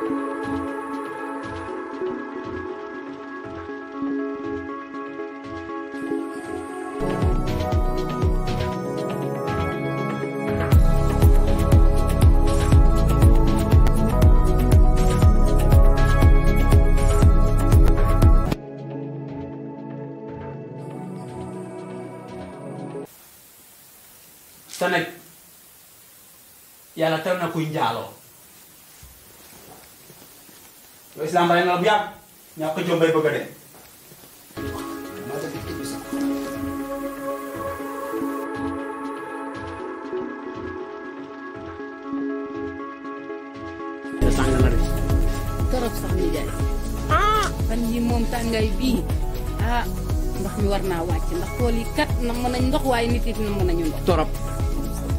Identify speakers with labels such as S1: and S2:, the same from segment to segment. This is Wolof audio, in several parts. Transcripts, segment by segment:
S1: te nag yàlla tere na kuy njaaloo yow na la torop sax ñu jaay. ah fan yii moom tàngaay bii ah ndox mi war naa wàcc ndax tool yi kat na nañ ndox waaye nit it na mën nañu ndox. torop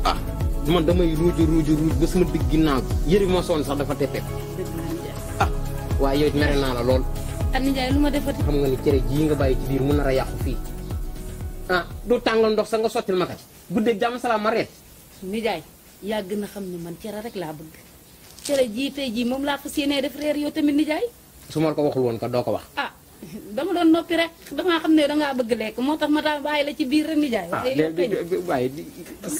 S1: ah man damay ruuj ruuj ruuj ba sama digg ginnaaw yëri ma soon sax dafa teppee. waaye yooyu it mere naa la lool. a Ndiaye lu ma defati. xam nga ni cere jii nga bàyyi ci biir mun nar a yàqu fii ah du tàngal ndox sa nga sottil ma kat guddeeg jàmm salaam ma reet. Ndiaye yaa gën a xam ni man cere rek laa bëgg cere jii tey jii moom laa fas yéenee def reer yow tamit Ndiaye. su ma ko waxul woon kat doo ko wax. Ah, dama doon noppi rek damaa xam ne dangaa bëgg lekk moo tax ma daa bàyyi la ci biir rek nijaay. ah léegi waaye di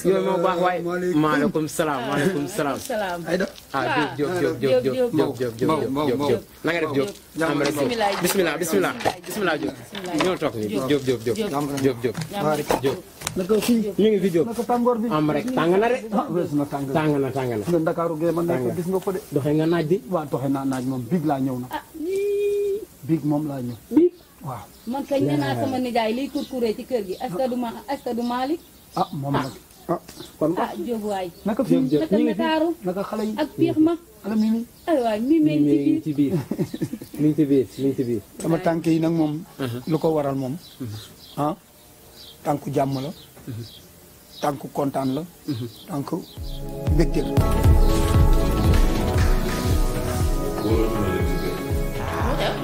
S1: yooyu moo baax waaye. maaleykum salaam maaleykum salaam. ah Diop Diop Diop Diop Diop Diop Diop na nga def Diop. bisimilah bisimilah bisimilah Diop. ñoo toog nii Diop Diop Diop Diop Diop Diop. na ko fii ñu ngi fi jóg am rek tàng na de. Ah, tàng na tàng na. Ndakaaru gee nga ko de. doxe nga naaj bi. waaw doxe naaj moom big laa ñëw na. Ah, biig moom laa ñëw. biig waaw. man kañ nee naa sama nijaay liy kurkuree ci kër gi asta du ma asta du Malick. ah moom nag ah. ah kon. ah naka fi naka Ndakaaru naka xale yi ak piix ci biir mimi ci biir mimi ci biir. sama tànk yi nag moom. Uh-huh. lu ko waral moom. Uh-huh. Ah, tànku jàmm la. Uh-huh. tànku kontaan la. tànku mbégte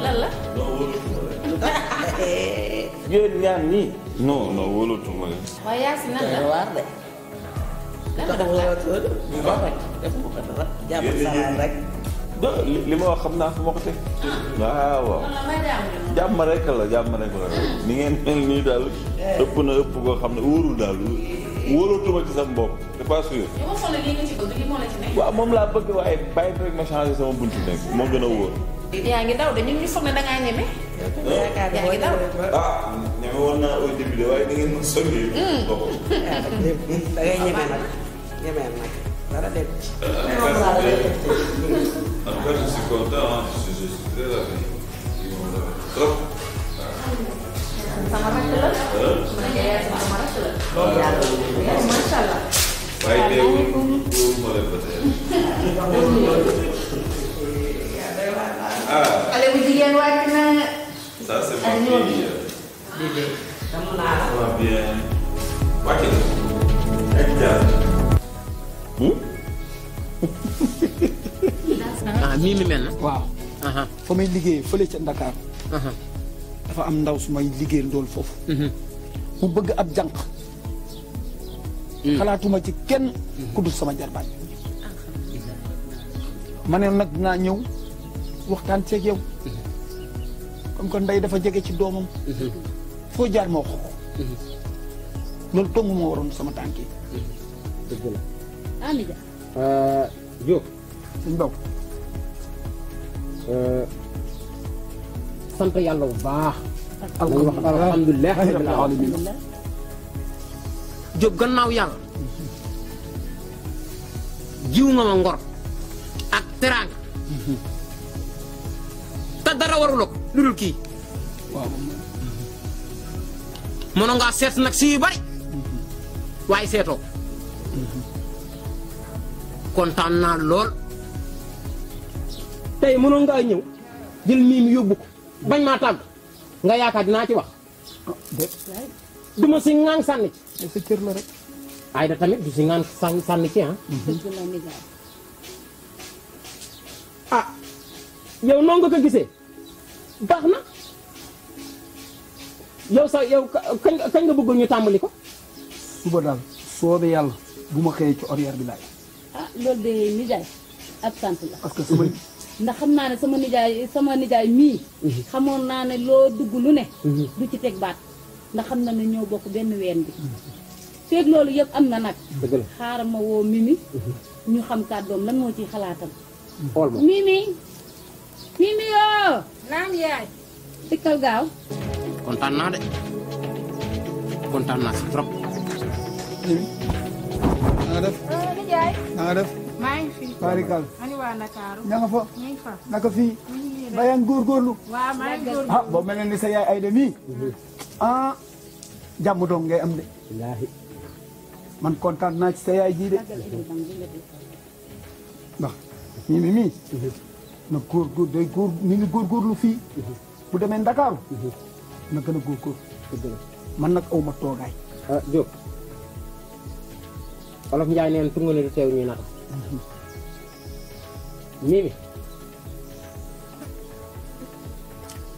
S1: lan la. non wóolatuma leen. lu nii. non non wóolatuma la li ma wax xam naa fu ma ko teg. waaw waaw. jàmm rek la jàmm rek la. ni ngeen mel nii daal ëpp na ëpp koo xam ne wóorul daal wóoratuma ci sama bopp c'est pas sûr. waaw moom laa bëgg waaye bàyyi rek ma changé sama buntu nekk moo gën a wóor. yaa ngi daw de ñu foog ne da ngaa ñeme. yaa ngi daw ah, ñeme woon naa au début de waaye da ngeen mën hmm. da ñeme nag ñeme nag dara dem. en tout cas je suis content je suis très ravi. trop. sama rakk la. ma ne ko yaay sama xale bu mel na. waaw. fa may liggéeyee fële ca Dakar. dafa am ndaw su may liggéey ndool foofu. Mhm. mu bëgg ab jànq. Mm. xalaatuma ci kenn ku dul sama jarbaat. ma nag naa ñëw. waxtaan ceeg yow. comme ndey dafa jege ci doomam. foo jaar ma wax ko. loolu waroon sama tànk yi. dëgg euh, euh, yàlla bu baax. alhamdulilah rabbil alamin Diop gannaaw yàlla. jiw ma ngor. ak teraanga. dara warula ko lu dul kii waaw mënoon ngaa seet nag si yu bari waaye seetoo kontaan naa lool tey mënoon ngaa ñëw jël miim yóbbu ko bañ maa tàgg nga yaakaar dinaa ci wax ah, du ma si ŋaan sànni sa cër tamit du si sànni ci ah, ah yow noonu nga ko baax na yow sax yow kañ kañ nga bëggoon ñu tàmbali ko. suba daal soobee yàlla bu ma xëyee ci horaire bi laay. ah loolu de nijaay ak sant la. parce que sama. Mhm. ndax xam naa ne sama nijaay sama nijaay mii. Mhm. xamoon naa ne loo dugg lu ne. Mhm. du ci teg baat ndax xam na ne ñoo bokk benn ween bi. feeg loolu yëpp am na nag. xaaral ma woo Mimi. ñu xam kàddoom lan moo ciy xalaatam. Mimi. Mimi yoo. naam yaay. kontaan naa de kontaan naa si trop. na def. na nga euh, ngi fi. barikal. ani waa Ndakaaru. ña nga fa. naka fii. ba yaa ngi ah boo mel sa yaay ay de mii. Mhm. ah jàmm doom ngay am de. man kontaan naa ci sa yaay ji de. mii mii. Mhm. na góor góor day góor ñu ngi góorgóorlu fii bu demee Ndakaaru na gën a góorgóor man nag awma toogaay ah Diop olof Njaay neen tunga ne du teew ñuy nata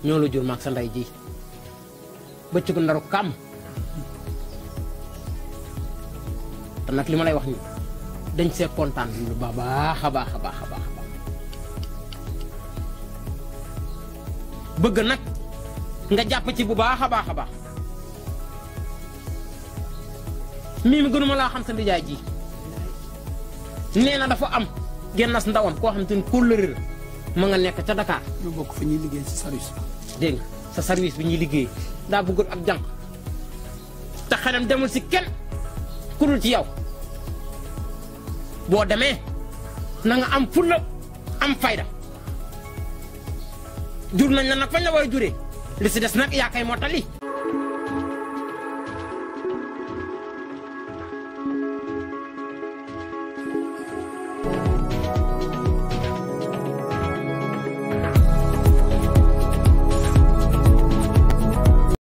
S1: ñoo la jur maag sa ndey ji bëccëgu ndaru kàmm te nag lima lay wax ni dañ see kontaan lu baax a baax a baax a baax bëgg nag nga jàpp ci bu baax a baax a baax mii mi gënuma laa xam sa ndijaay ji nee na dafa am gennas ndawam koo xam te ni kóllëre ma nga nekk ca Dakar. ñu bokk fa ñuy liggéey sa service dégg nga sa service bi ñuy liggéey daa bëggul ab jànq te xelam demul si kenn ku ci yow boo demee na nga am fulla am fayda. jur nañ la nag fañ la war a juree li si des nag yaa koy mottali